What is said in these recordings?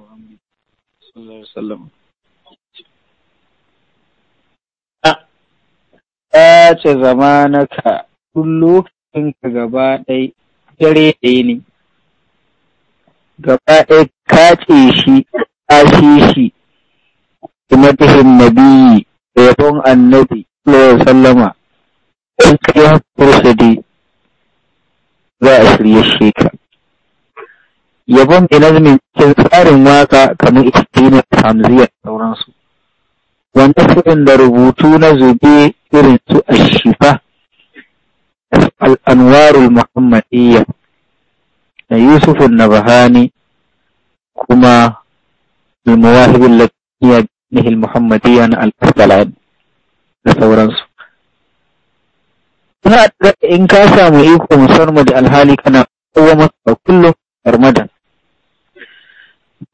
Muhammad sallallahu alaihi wasallam ɓace zamanaka duk lokacinka gaba ɗai dare ɗaya ne gaba ɗaya kace shi kashe shi kimatihin nabiyyi da yabon annabi sallallahu alaihi wasallama in kai hakursa dai za a shirye shi ka yabon ilazmin cikin tsarin waka kamar ikilina hamziya da sauransu wanda suɗin da rubutu na zube irin su a ashifa al'anwarul muhammadiyya da yusufun na bahani kuma bilmawahibin lafiya nihil muhammadiyya na al'asalani da sauransu in ka samu iko musamman da alhali kana kowa masa kullum armadan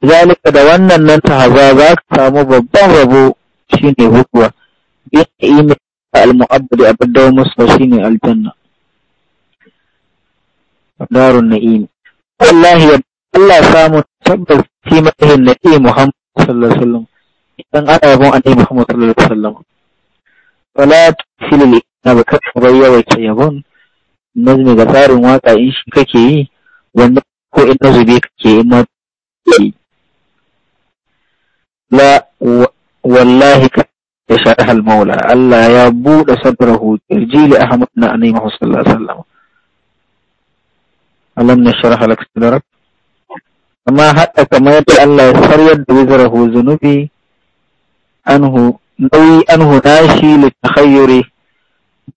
zalika da wannan nan tahaza za ka samu babban rabo shine hukuwa bin ni'imar al-mu'abbadi abin dawo musu shine aljanna darun na'im wallahi Allah samu tabbas kimanin na'im Muhammad sallallahu alaihi wasallam dan ana yabon annabi Muhammad sallallahu alaihi wasallam wala tilil na baka bayya wace yabon nazmi ga tsarin waka in shi kake yi wanda ko in nazumi kake yi ma la wallahi ka ya shaɗa maula, Allah ya buɗe sadrahu kirji li Ahmad na Anima sallallahu alaihi wasallam alam nashrah lak sadrak amma haɗa kamar yadda Allah ya sarwar da wizarahu zunubi anhu nauyi anhu nashi li takhayyuri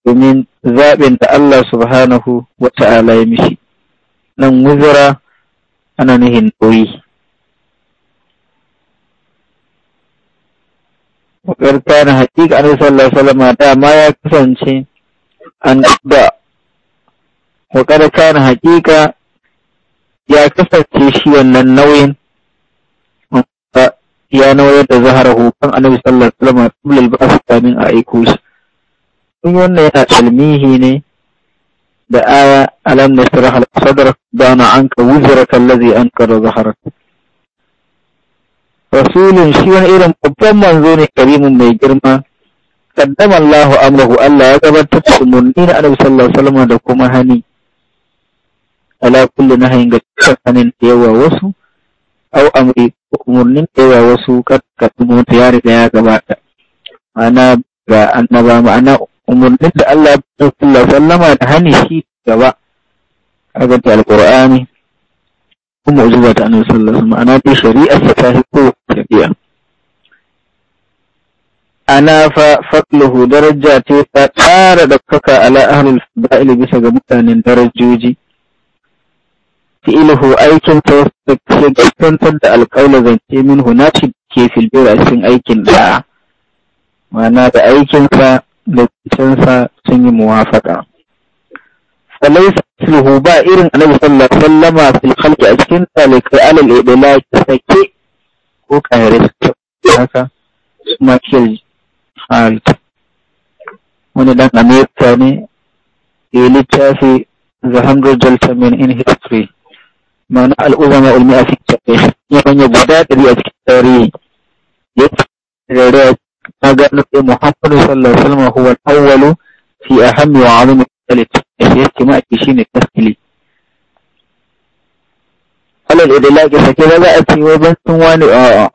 domin zaɓin da Allah subhanahu wa ta'ala ya mishi nan wizara ana nihin nauyi Wakar kana haƙiƙa Annabi sallallahu alaihi wasallam dama ya kasance an da wakar kana haƙiƙa ya kasance shi wannan nauyin ya nauyar da zahara kan Annabi sallallahu alaihi wasallam qablal ba'th kamin a aiko shi. Kun wannan yana talmihi ne da aya alam nasrah al-sadr dana anka wuzraka allazi ankara zaharaka rasulun shi wani irin babban manzo ne karimin mai girma kaddama Allahu amrahu Allah ya gabatar da umarni na Annabi sallallahu alaihi wasallam da kuma hani ala kulli nahyin ga tsakanin da yawa wasu au amri umarnin da yawa wasu karkatu mota ya riga ya gabata ma'ana ga annaba ma'ana umarnin da Allah ya sallallahu alaihi wasallama da hani shi gaba kaga ta alqur'ani mu'jiza ta annabi sallallahu alaihi wasallam ana dai shari'ar sa ta hiko shari'a ana fa faqluhu daraja ce ta tsara da kaka ala ahlul fada'il bisa ga mutanen darajoji fi'ilhu aikin ta gaskantar da alƙawla zance min hunaci ke filbira cikin aikin da'a, ma'ana da aikinsa da cikinsa sun yi muwafaka وليس مثله بائر النبي صلى الله عليه وسلم في الخلق أجكن ذلك فقال الإبلاء تسكي وكان رزق هكا ما كل حالك ونلان أمير ثاني إلي تافي زهم رجل تمين إن هستري معنى الأزماء المئة في التاريخ يمن يعني يبدأ في التاريخ يتغيرات أجل محمد صلى الله عليه وسلم هو الأول في أهم وعظم الثالث yake ake shi ne taskili. Alal idilaki sake ba za a ce wai ban sun wani a'a.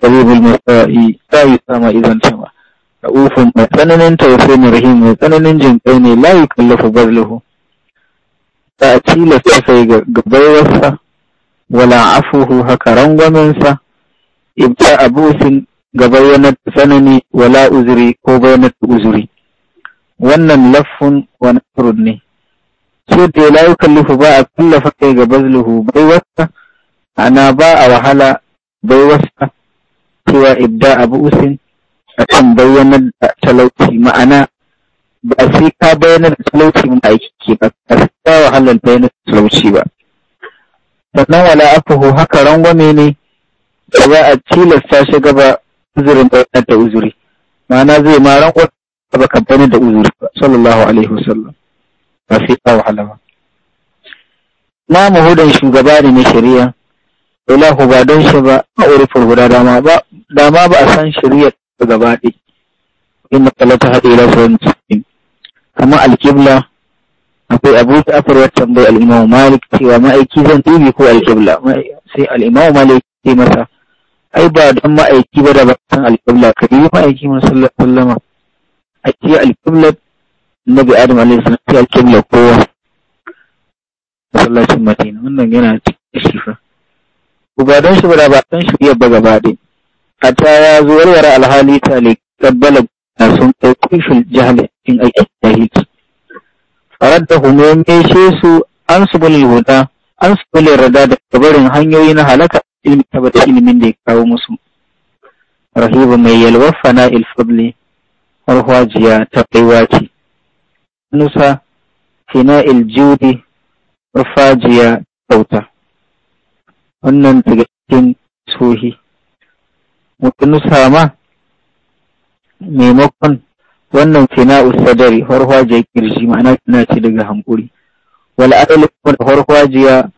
Ƙaribul Musa'i ta yi sama izan cewa. Ra'ufun mai tsananin tausayi mai rahim mai tsananin jinƙai ne layi kallafa barlahu. Ba a tilasta sai ga baiwarsa wala afuhu haka rangwamensa. Ibta abusin ga bayyanar tsanani wala uzuri ko bayyanar uzuri. wannan laffun wani nasrun ne so da la yukallifu ba a kullafa kai ga bazluhu bai wasa ana ba a wahala bai wasa cewa idda abu usin a kan bayyanar da talauci ma'ana ba sai ka bayyana da talauci mun aiki ke ba ka sa wahalar bayyana da talauci ba sannan wala afuhu haka rangwame ne da za a tilasta shi gaba uzurin bayyana da uzuri ma'ana zai ma rangwame ba kamfani da uzuri ba sallallahu alaihi wasallam ba sai ka wahala na mahudan shugaba ne na shari'a ilahu ba don shi ba a urufin guda dama ba dama ba a san shari'a ta gaba ɗaya inna kalata haɗe ila sauran musulmi kamar alƙibla akwai abu ta afar wata tambayi al'imamu malik cewa ma'aiki zan dubi ko alƙibla sai al'imamu malik ce masa ai ba don ma'aiki ba da ba san alƙibla ka dubi ma'aiki sallama. a ce alƙiblar nabi adam alaihi salam ce alƙiblar kowa masallacin madina wannan yana cikin shifa ku ba don shi ba ba don shi iya baga ba dai a ta ya zo warware alhali ta le kabbala na sun kai kushin jihali in aikin jahilci farar da hume shi su an su bulil huda an su bulil rada da kabarin hanyoyi na halaka ilmi tabbata ilimin da ya kawo musu rahiba mai yalwar fana ilfadli marhwajiya ta baiwa ce nusa fina iljudi marfajiya kauta wannan daga cikin sohi wata nusa ma maimakon wannan fina usadari harhwajiyar kirji ma'ana fina ce daga hankuri wal adalci da harhwajiya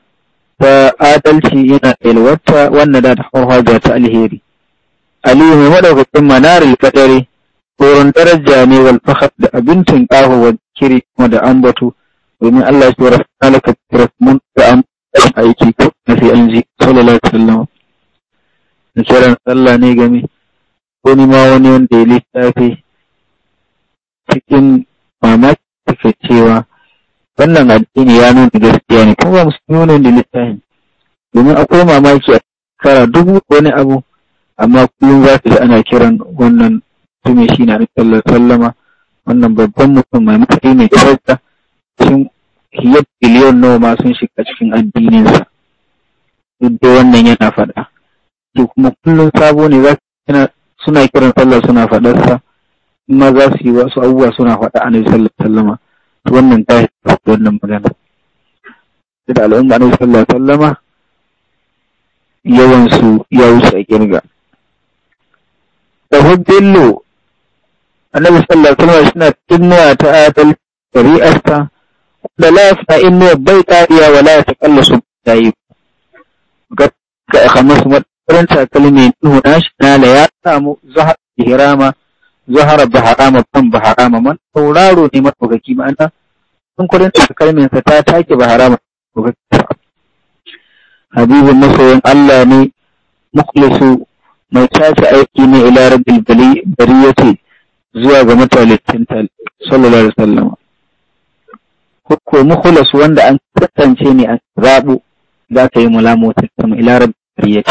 ta adalci yana ilwata wannan da harhwajiya ta alheri aliyu mai madaukakin manarar kadare tsoron daraja ne wal fakhar da abin tunƙaho wa kiri kuma da ambatu. domin Allah ya tsora alaka mun da an aiki ko na fi an ji sallallahu alaihi wasallam na kiran sallah ne game ko ni ma wani wanda ya littafi cikin mamaki suka cewa wannan addini ya nuna gaskiya ne kuma musulmi nuna da littafin domin akwai mamaki a kara dubu wani abu amma kullum za ka ji ana kiran wannan mutumin shi na sallallahu sallama wannan babban mutum mai mutane mai kyauta sun hiyar biliyon nawa ma sun shiga cikin addininsa duk da wannan yana faɗa to kuma kullum sabo ne za suna kiran sallah suna faɗarsa in ma za su yi wasu abubuwa suna faɗa annabi sallallahu sallama to wannan ta wannan magana da al'umma annabi sallallahu sallama yawansu ya wuce a kirga. Da hujjillo annabi sallallahu alaihi wasallam suna tunnuwa ta adal shari'arsa da la yasna'in ne bai kariya wala ya taqallasu dai ga ga kamar su madarin takalmi shi na nala ya samu zahar ihrama zahara baharama ban baharama man tauraro ne madaukaki ma'ana sun kudin takalmin sa ta take baharama habibin masoyin Allah ne mukhlisu mai tace aiki ne ila rabbil bari yace zuwa ga matalicin sallallahu alaihi wasallam ko mukhlas wanda an tantance ne a zabu za ta yi mulamotin sama ila rabbi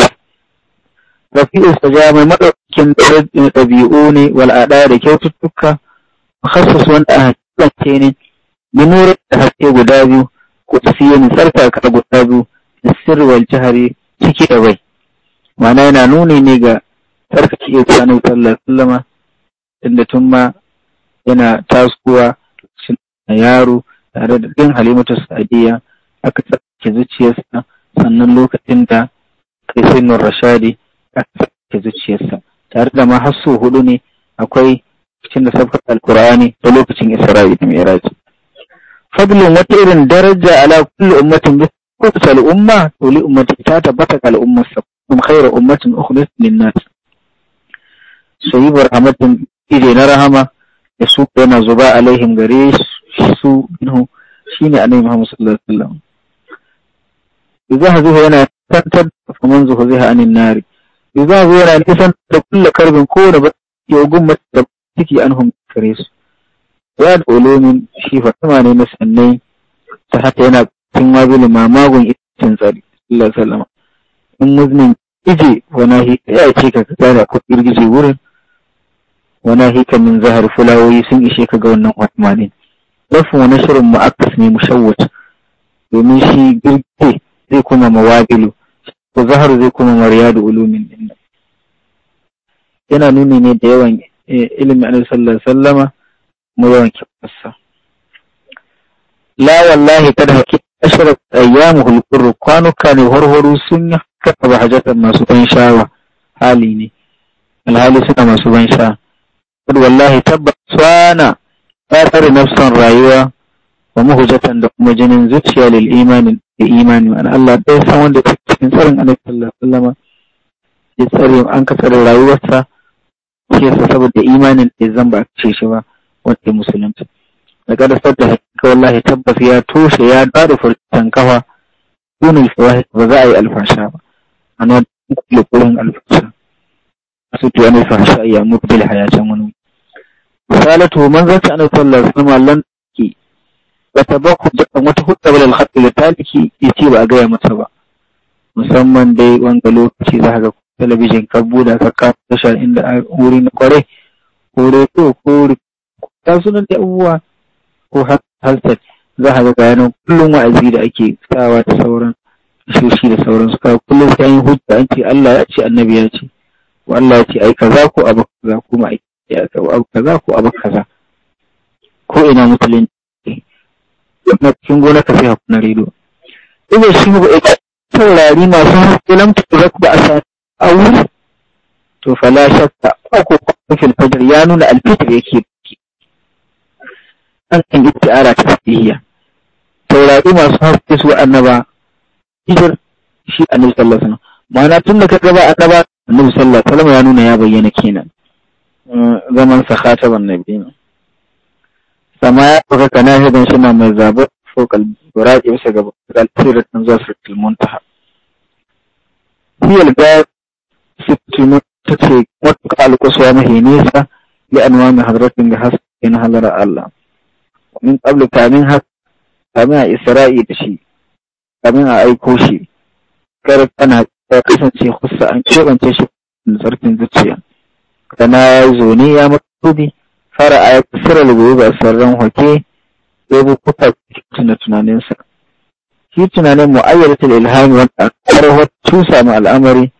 rafi'u sajama madaukin ɗabi'u ne wal'ada da kyaututtuka khassas wanda an tantance ne minurin da haske guda biyu ko sarka ka guda biyu da sirwal jahari ciki da bai ma'ana yana nuni ne ga tsarkake iya tsanin sallallahu alaihi inda tun ma yana taskuwa na yaro tare da ɗin halimatu sa'adiyya aka tsarki zuciyarsa sannan lokacin da kai sinun rashadi aka tsarki zuciyarsa tare da ma hasso hudu ne akwai cikin da sabkar alkur'ani da lokacin isra'i da mi'raji fadlun wata irin daraja ala kulli ummatin bi kowace al'umma to li ummati ta tabbata ga al'ummar sa kuma khairu ummatin ukhlis lin nas sayyib rahmatin ne na rahama ya su yana zuba alaihim gare su minhu shine annabi Muhammad sallallahu alaihi wasallam yuzahzuhu yana tantar da faman zuhziha anin nari yuzahzuhu yana nisan da kulla karbin ko da ya gumma da ciki anhum gare su ya da ulumin shi fatima ne na sanne ta haka yana tun wabili mamagun itin tsari sallallahu alaihi wasallam in muzmin ije wani ya ce ka tsara ko girgije wurin Wani hika min zahar fulawoyi sun ishe ka ga wannan hotma din lafin wani shirin mu'akkas ne mushawwat domin shi girke zai kuma mawabilu ko zahar zai kuma maryadu ulumin din yana nuni ne da yawan eh, ilimin annabi sallallahu sallama, mu yawan kibarsa la wallahi ta da hakika ashirar ayyamu hulƙurru kwanuka ne horhoro sun yi kafa masu ban sha'awa hali ne alhali suna masu ban sha wallahi tabbas wana ya tsare nafsan rayuwa wa muhujatan da kuma jinin zuciya lil imani imani ma'ana Allah ɗaya san wanda ya cikin tsarin annabi an ka rayuwarsa shi saboda imanin da zan ba ce shi ba wanda musulunci da hakika wallahi tabbas ya toshe ya kafa ba za a yi ba ana asibiti wani fahimta iya mukbil hayacin wani. Misalatu man zata ana sallar sun mallan ki wata ba ku wata hudda bala alhaɗi da taliki ya ce ba a gaya mata ba. Musamman dai wanda lokaci za ga talabijin Kabuda buɗa ka ka tasha inda a kwarai ko reto ko ta sunan da ko halsat za ga bayanan kullum wa'azi da ake sawa da sauran shoshi da sauran su kullum sai an yi hujja an Allah ya ce annabi ya ce. wannan ya ce ai kaza ko abu kaza ko ai ya abu kaza ko abu kaza ko ina musulunci na cikin gona ka sai hakuna rediyo ina shi ba ita saurari masu haske lam tuzak ba a sa awur to fala shakka ko ko fil fajar ya nuna alfitr yake an kan ara ta sahihiya saurari masu haske su annaba hijir shi annabi sallallahu alaihi wasallam ma'ana tun da ka gaba a gaba annabi sallallahu alaihi ya nuna ya bayyana kenan eh, zaman sa khataban nabi ne sama ya baka kana hidan shi na mai zabar fokal buraki bisa ga kalfirar ɗin zafir tilmuntaha hiyar ga sittimu ta ce wata alkusuwa mahi nesa li anwami hadratin ga haske na halara Allah min qabli kamin haka kamin a isra'i da shi kamin a aiko shi kar kana ya kasance kusa an keɓance shi tsarkin zuciya kana zoni ya matubi fara a sirar gobe ga sarran hoke ya bu kuka tuna tunaninsa shi tunanin da ilhami wanda karwar tusa ma al'amari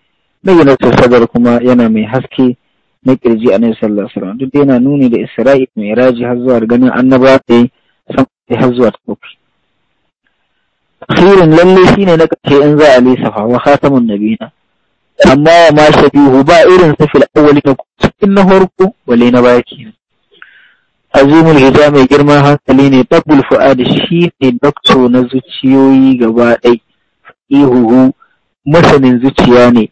bayyana sadar kuma yana mai haske na kirji a nan sallallahu alaihi duk yana nuni da isra'i mai raji har zuwa ganin annabawa da yi san har zuwa tafi akhirin lalle shine na kace in za a lissafa wa khatamun nabina amma wa ma shabihu ba irin sa fil awwali na cikin na harko wale na baki Azumin hija mai girman hankali ne babul fu'ad shi ne dokto na zuciyoyi gaba ɗai ihuhu masanin zuciya ne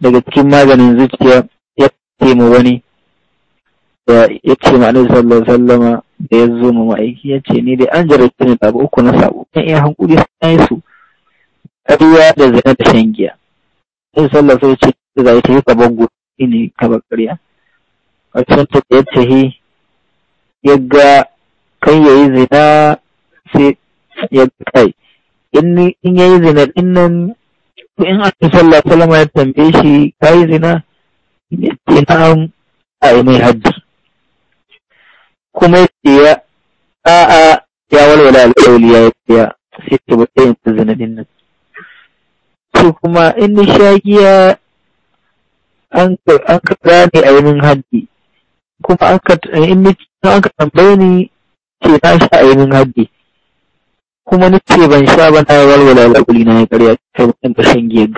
daga cikin maganin zuciya ya ce mu wani ya ce ma sallallahu alaihi da ya zo mu aiki ya ce ni dai an jarabta ne babu uku na sabo kan iya hankuri sun yi su ƙarya da zina da shan giya sai sallah sai ce za ta yi kaban gudu ne kaba ƙarya a cikin ta ya ce hi ya ga kan ya yi zina sai ya kai in ya yi zina in nan in an sallah salama ya tambaye shi ka yi zina ya ce na'am a yi mai hajji kuma yace ya a'a ya walwala alƙawli ya ya sai ta ba yin ta zinadin nan to kuma in ni shagiya an ka gane a yanin haddi kuma an ka in ni an ka tambaye ni ke na sha a yanin haddi kuma ni ce ban sha ba na walwala alƙawli na ya karya ta ban shan giyar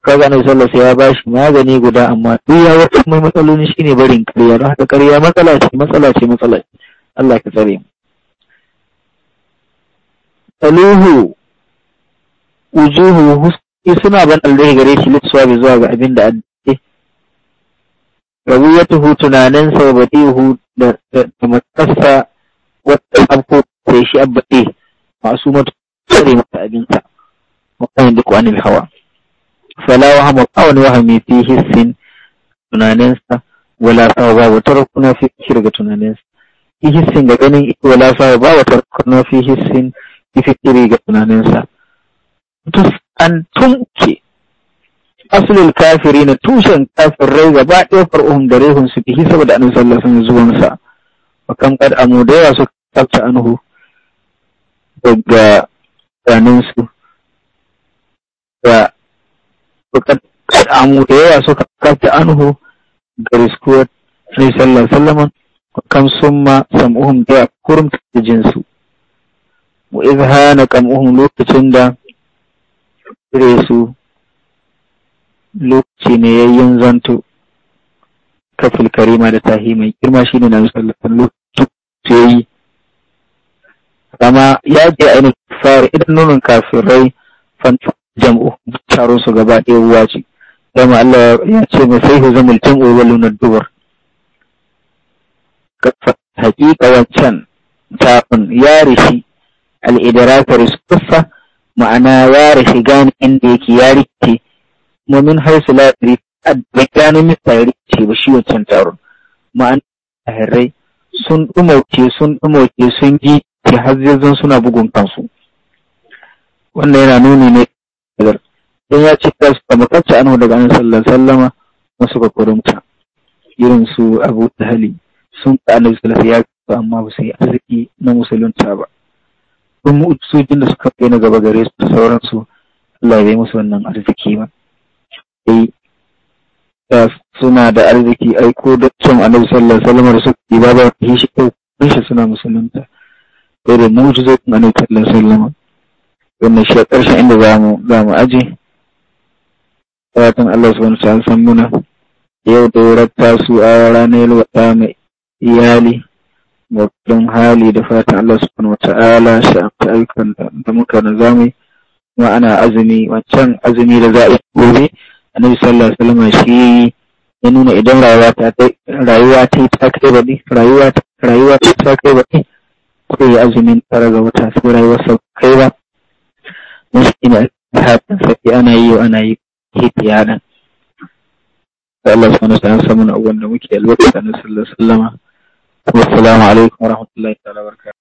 kaga ne sallallahu ya bashi magani guda amma duk ya wata mai matsaloli shine barin karya. don haka karya matsala ce matsala ce matsala ce Allah ka tsare mu aluhu wujuhu huski suna ban alrihi gare shi lissuwa zuwa ga abin da addini rawiyatuhu tunanin hu da matsarsa wata abko sai shi abbaɗe masu matuƙar mata abinsa. Makamin duk wani hawa. fala wahama awan wahami fi hissin tunaninsa wala sawa babu tarkuna fi fikir ga tunaninsa fi hissin ga ganin ita wala sawa babu tarkuna fi hissin fi fikiri ga tunaninsa tus an tumke asulul kafiri na tushen kafirai gaba ɗaya far'uhun da rehun su fi saboda annabi sallallahu alaihi zuwansa kam anhu daga tunaninsu Kada mu da yawa suka kafta anhu ga riskuwar Nabi sallallahu alaihi wasallam kam summa sam'uhum da kurumta jinsu mu izhana kam'uhum lokacin da kire su lokaci ne ya yin zanto kafil karima da tahi mai girma shine na sallallahu alaihi wasallam yi kama ya je ainihin fara idan nunin kafirai fanta jam'u taron su gaba ɗaya ruwa ce dama Allah ya ce mai sai huzumul jam'u wa lunar dubar haƙiƙa wancan tafin ya rishi al'idarakar riskuffa ma'ana ya rishi gani inda yake ya rike mumin hausa lafiri da gano mista ya rike ba shi wancan taron ma'ana tahirrai sun ɗumauke sun ɗumauke sun ji ke hazzazin suna bugun kansu wannan yana nuni ne Hajar don ya ce ta suka makacce anhu daga annabi sallar sallama, masu kuma irin su Abu hali sun ka annabi sallallahu ya ba amma ba su yi arziki na musulunta ba kun sojin da suka kai na gaba gare su da sauransu Allah ya yi musu wannan arziki ba ta suna da arziki ai ko da cin annabi sallallahu alaihi wasallam da suka yi ba shi ko shi suna musulunta ko da zai annabi sallallahu alaihi wasallam wannan shi ƙarshen inda za mu za mu fatan Allah su wani ta'ala san muna yau da wuratta su a ranar ta mai iyali mutum hali da fatan Allah subhanahu wa ta'ala shi ta ayyukan da muka na zamu kuma ana azumi wancan azumi da za a yi gobe annabi sallallahu alaihi wasallam shi ya nuna idan rayuwa ta rayuwa ta ta kai ba rayuwa ta rayuwa ta kai ba ko ya azumin tara ga wata su rayuwar sau kai ba مشكلة حتى في أنا أيو أنا أيو كيتي أنا الله سبحانه وتعالى سمعنا أول نوكي الوقت أنا صلى الله عليه وسلم والسلام عليكم ورحمة الله تعالى وبركاته